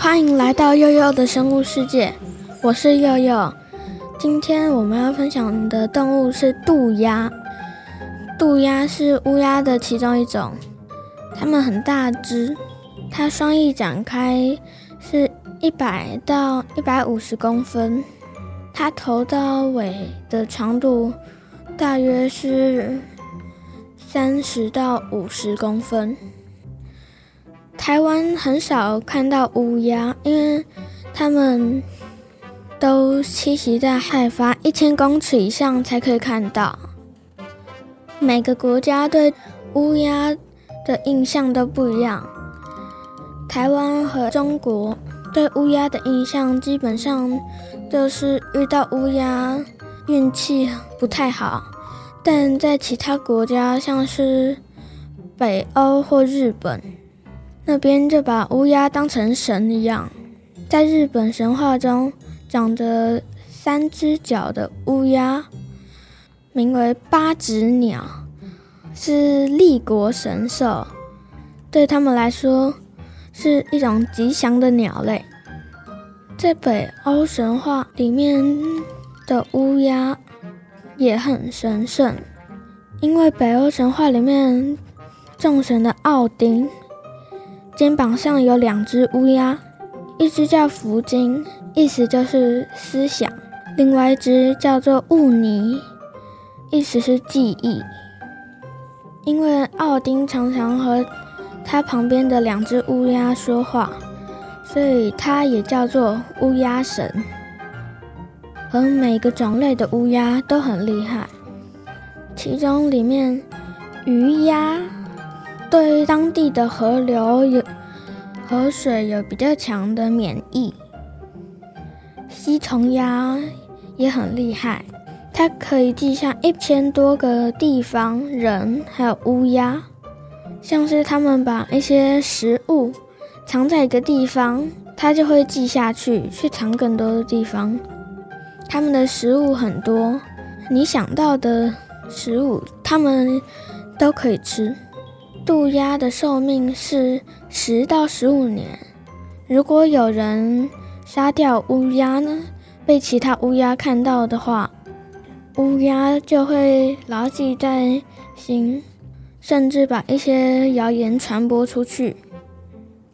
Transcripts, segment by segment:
歡迎來到祐祐的生物世界，我是祐祐。今天我們要分享的動物是渡鴉。渡鴉是烏鴉的其中一種，它們很大只，它雙翼展開是一百到一百五十公分。它頭到尾的長度大約是三十到五十公分。台灣很少看到烏鴉，因為它們都棲息在海拔一千公尺以上才可以看到。每個國家對烏鴉的印象都不一樣。台灣和中國。對烏鴉的印象基本上就是遇到烏鴉運氣不太好，但在其他國家，像是北歐或日本那邊，就把烏鴉當成神一樣。在日本神話中，長着三隻腳的烏鴉名為八咫鳥，是立國神獸。對他們來說，是一種吉祥的鳥類，在北歐神話裡面的烏鴉也很神聖，因為北歐神話裡面眾神的奧丁肩膀上有兩隻烏鴉，一隻叫福金，意思就是思想；另外一隻叫做霧尼，意思是記憶。因為奧丁常常和它旁邊的兩隻烏鴉說話，所以它也叫做烏鴉神。而每個種類的烏鴉都很厲害，其中裡面魚鴉對當地的河流有河水有比較強的免疫，吸蟲鴉也很厲害，它可以記下一千多個地方人還有烏鴉。像是他們把一些食物藏在一個地方，它就會記下去，去藏更多的地方。他們的食物很多，你想到的食物，他們都可以吃。渡鴉的壽命是十到十五年。如果有人殺掉烏鴉呢？被其他烏鴉看到的話，烏鴉就會牢記在心。甚至把一些謠言傳播出去。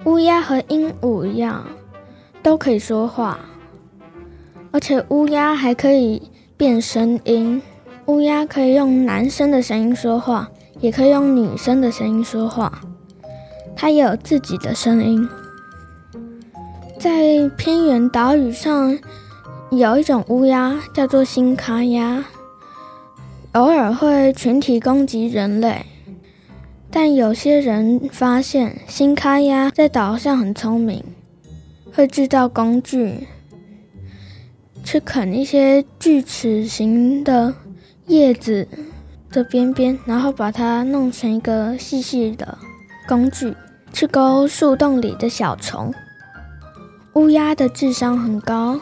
烏鴉和鸚鵡一樣，都可以說話，而且烏鴉還可以變聲音。烏鴉可以用男生的聲音說話，也可以用女生的聲音說話，它也有自己的聲音。在偏遠島嶼上，有一種烏鴉叫做新喀鴉，偶爾會群體攻擊人類。但有些人發現，新喀鴉在島上很聰明，會製造工具，去啃一些鋸齒形的葉子的邊邊，然後把它弄成一個細細的工具，去勾樹洞裡的小蟲。烏鴉的智商很高，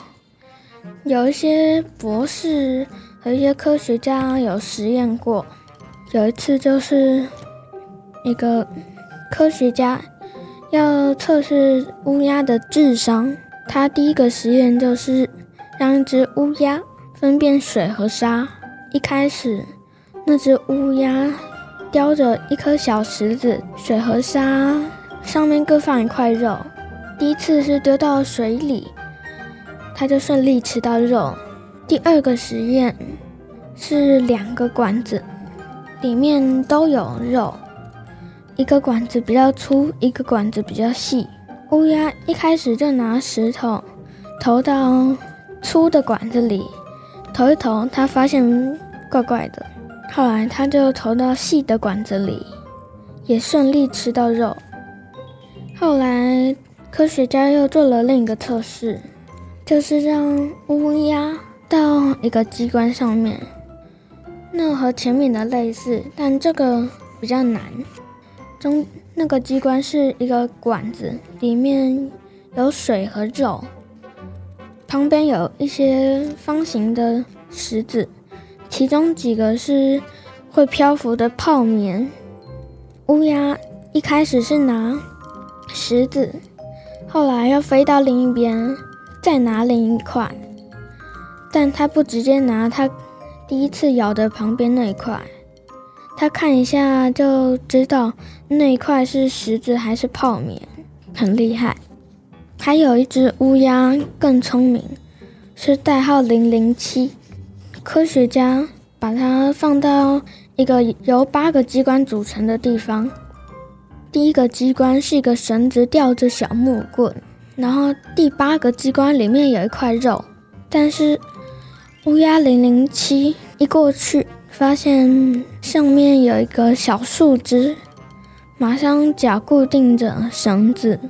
有一些博士和一些科學家有實驗過，有一次就是。一個科學家要測試烏鴉的智商，他第一個實驗就是讓一隻烏鴉分辨水和沙。一開始，那只烏鴉叼着一顆小石子，水和沙上面各放一塊肉。第一次是丟到水裡，它就順利吃到肉。第二個實驗是兩個管子，裡面都有肉。一個管子比較粗，一個管子比較細。烏鴉一開始就拿石頭投到粗的管子裡，投一投，他發現怪怪的。後來他就投到細的管子裡，也順利吃到肉。後來科學家又做了另一個測試，就是讓烏鴉到一個機關上面，那和前面的類似，但這個比較難。中那個機關是一個管子，裡面有水和肉，旁邊有一些方形的石子，其中幾個是會漂浮的泡棉。烏鴉一開始是拿石子，後來又飛到另一邊再拿另一塊，但它不直接拿，它第一次咬的旁邊那一塊。他看一下就知道那一塊是石子還是泡棉，很厲害。還有一隻烏鴉更聰明，是代號零零七。科學家把它放到一個由八個機關組成的地方。第一個機關是一個繩子吊着小木棍，然後第八個機關裡面有一塊肉，但是烏鴉零零七一過去。發現上面有一個小樹枝，馬上用腳固定着繩子，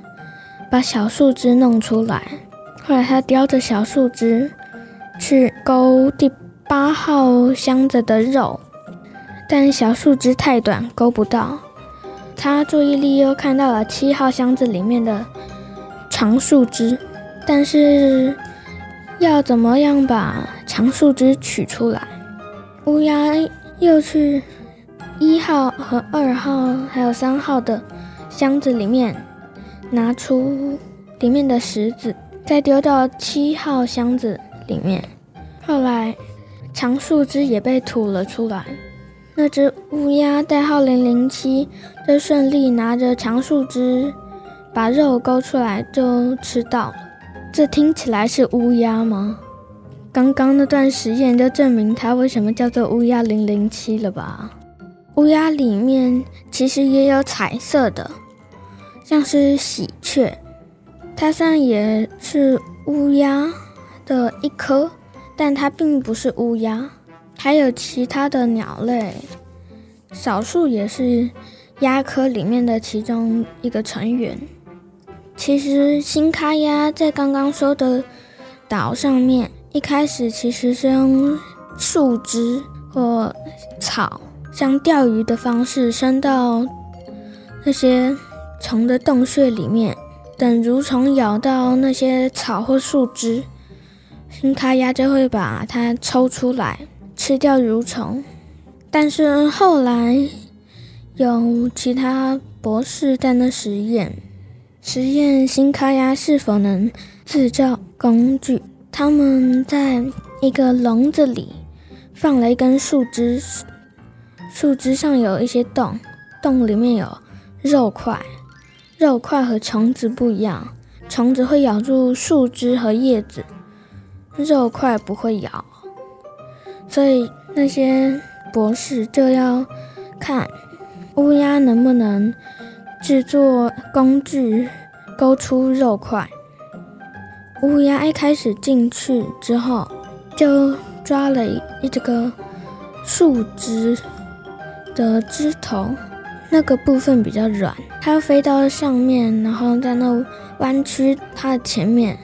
把小樹枝弄出來。後來他叼着小樹枝去勾第八號箱子的肉，但小樹枝太短，勾不到。他注意力又看到了七號箱子裡面的長樹枝，但是要怎麼樣把長樹枝取出來？烏鴉又去一號和二號，還有三號的箱子裡面拿出裡面的石子，再丟到七號箱子裡面。後來長樹枝也被吐了出來。那只烏鴉代號零零七，就順利拿着長樹枝把肉勾出來就吃到了。這聽起來是烏鴉嗎？剛剛那段實驗就證明它為什麼叫做烏鴉零零七了吧？烏鴉裡面其實也有彩色的，像是喜鵲，它雖然也是烏鴉的一科，但它並不是烏鴉。還有其他的鳥類，少數也是鴉科裡面的其中一個成員。其實新喀鴉在剛剛說的島上面。一開始其實是用樹枝或草，像釣魚的方式伸到那些蟲的洞穴裡面，等蠕蟲咬到那些草或樹枝，新喀鴉就會把它抽出來吃掉蠕蟲。但是後來有其他博士在那實驗，實驗新喀鴉是否能製造工具。他們在一個籠子裡放了一根樹枝，樹枝上有一些洞，洞裡面有肉塊。肉塊和蟲子不一樣，蟲子會咬住樹枝和葉子，肉塊不會咬。所以那些博士就要看烏鴉能不能制作工具，勾出肉塊。烏鴉一開始進去之後，就抓了一這個樹枝的枝頭，那個部分比較軟，它飛到上面，然後在那彎曲它的前面，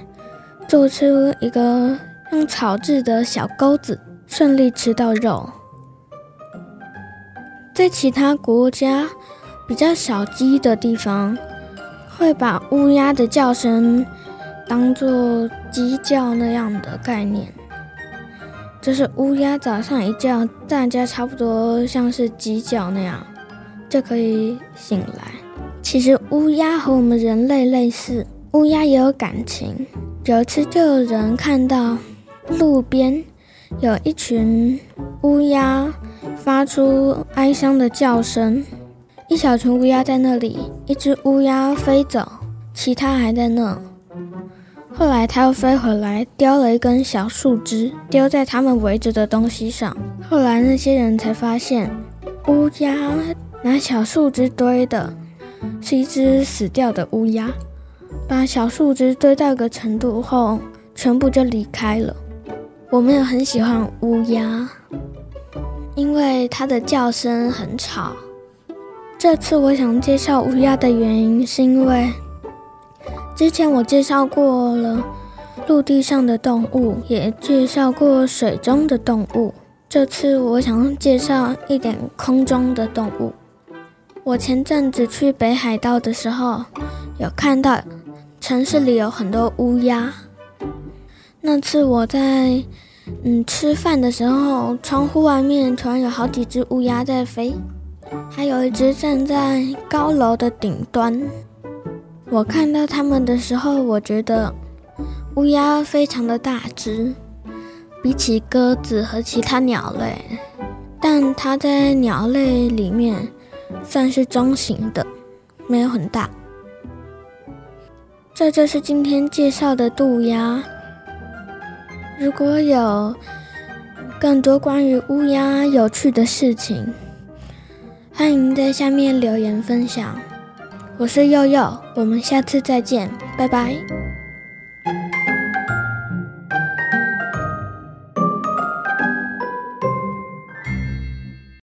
做出一個用草制的小鈎子，順利吃到肉。在其他國家比較小雞的地方，會把烏鴉的叫聲。當做雞叫那樣的概念，就是烏鴉早上一叫，大家差不多像是雞叫那樣就可以醒來。其實烏鴉和我們人類類似，烏鴉也有感情。有一次，就有人看到路邊有一群烏鴉發出哀傷的叫聲，一小群烏鴉在那裡，一隻烏鴉飛走，其他還在那。後來，它又飛回來，叼了一根小樹枝，丟在他們圍着的東西上。後來，那些人才發現，烏鴉拿小樹枝堆的是一隻死掉的烏鴉。把小樹枝堆到一個程度後，全部就離開了。我沒有很喜歡烏鴉，因為它的叫聲很吵。這次我想介紹烏鴉的原因，是因為。之前我介紹過了陸地上的動物，也介紹過水中的動物。這次我想介紹一點空中的動物。我前陣子去北海道的時候，有看到城市裡有很多烏鴉。那次我在嗯吃飯的時候，窗戶外面突然有好幾只烏鴉在飛，還有一只站在高樓的頂端。我看到它們的時候，我覺得烏鴉非常的大只，比起鴿子和其他鳥類，但它在鳥類裡面算是中型的，沒有很大。這就是今天介紹的渡鴉。如果有更多關於烏鴉有趣的事情，歡迎在下面留言分享。我是祐祐，我們下次再見，拜拜。